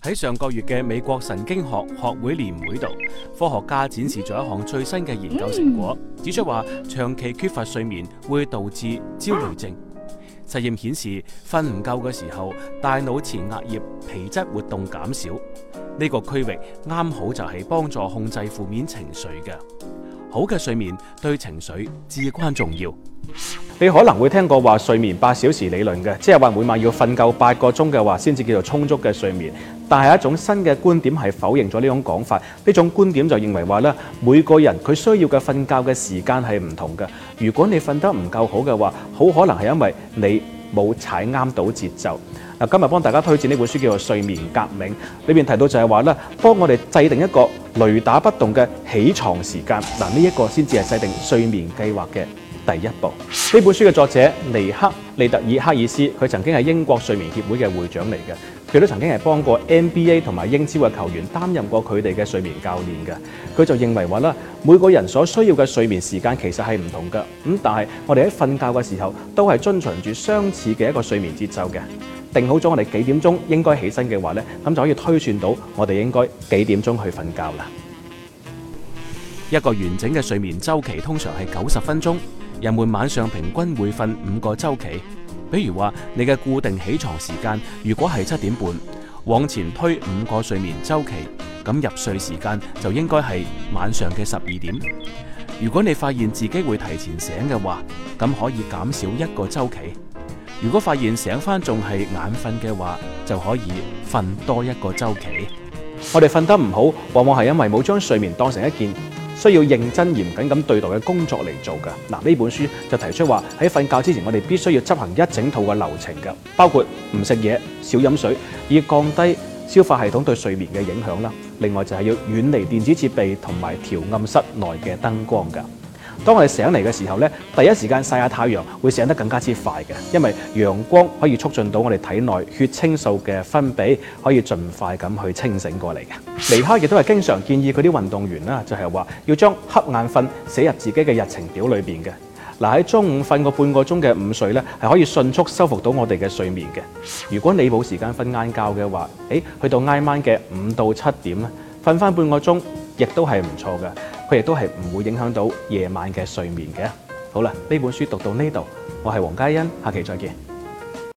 喺上個月嘅美國神經學學會年會度，科學家展示咗一項最新嘅研究成果，指出話長期缺乏睡眠會導致焦慮症。實驗顯示，瞓唔夠嘅時候，大腦前額葉皮質活動減少，呢個區域啱好就係幫助控制負面情緒嘅。好嘅睡眠對情緒至關重要。你可能會聽過話睡眠八小時理論嘅，即係話每晚要瞓夠八個鐘嘅話，先至叫做充足嘅睡眠。但係一種新嘅觀點係否認咗呢種講法，呢種觀點就認為話咧，每個人佢需要嘅瞓覺嘅時間係唔同嘅。如果你瞓得唔夠好嘅話，好可能係因為你冇踩啱到節奏。嗱，今日幫大家推薦呢本書叫做《睡眠革命》，裏面提到就係話咧，幫我哋制定一個雷打不動嘅起床時間。嗱，呢一個先至係制定睡眠計劃嘅第一步。呢本書嘅作者尼克·利特爾克爾斯，佢曾經係英國睡眠協會嘅會長嚟嘅。佢都曾經係幫過 NBA 同埋英超嘅球員擔任過佢哋嘅睡眠教練嘅。佢就認為話呢，每個人所需要嘅睡眠時間其實係唔同嘅。咁但係我哋喺瞓覺嘅時候都係遵循住相似嘅一個睡眠節奏嘅。定好咗我哋幾點鐘應該起身嘅話呢，咁就可以推算到我哋應該幾點鐘去瞓覺啦。一個完整嘅睡眠週期通常係九十分鐘，人們晚上平均會瞓五個週期。比如話你嘅固定起床時間如果係七點半，往前推五個睡眠週期，咁入睡時間就應該係晚上嘅十二點。如果你發現自己會提前醒嘅話，咁可以減少一個週期；如果發現醒返仲係眼瞓嘅話，就可以瞓多一個週期。我哋瞓得唔好，往往係因為冇將睡眠當成一件。需要認真嚴謹咁對待嘅工作嚟做㗎。嗱，呢本書就提出話，喺瞓覺之前，我哋必須要執行一整套嘅流程㗎，包括唔食嘢、少飲水，以降低消化系統對睡眠嘅影響啦。另外就係要遠離電子設備同埋調暗室內嘅燈光㗎。當我哋醒嚟嘅時候咧，第一時間曬下太陽會醒得更加之快嘅，因為陽光可以促進到我哋體內血清素嘅分泌，可以盡快咁去清醒過嚟嘅。黎生亦都係經常建議嗰啲運動員啦，就係話要將瞌眼瞓寫入自己嘅日程表裏邊嘅。嗱喺中午瞓個半個鐘嘅午睡咧，係可以迅速修復到我哋嘅睡眠嘅。如果你冇時間瞓晏覺嘅話，誒去到挨晚嘅五到七點咧，瞓翻半個鐘亦都係唔錯嘅。佢亦都係唔會影響到夜晚嘅睡眠嘅。好啦，呢本書讀到呢度，我係黃嘉欣，下期再見。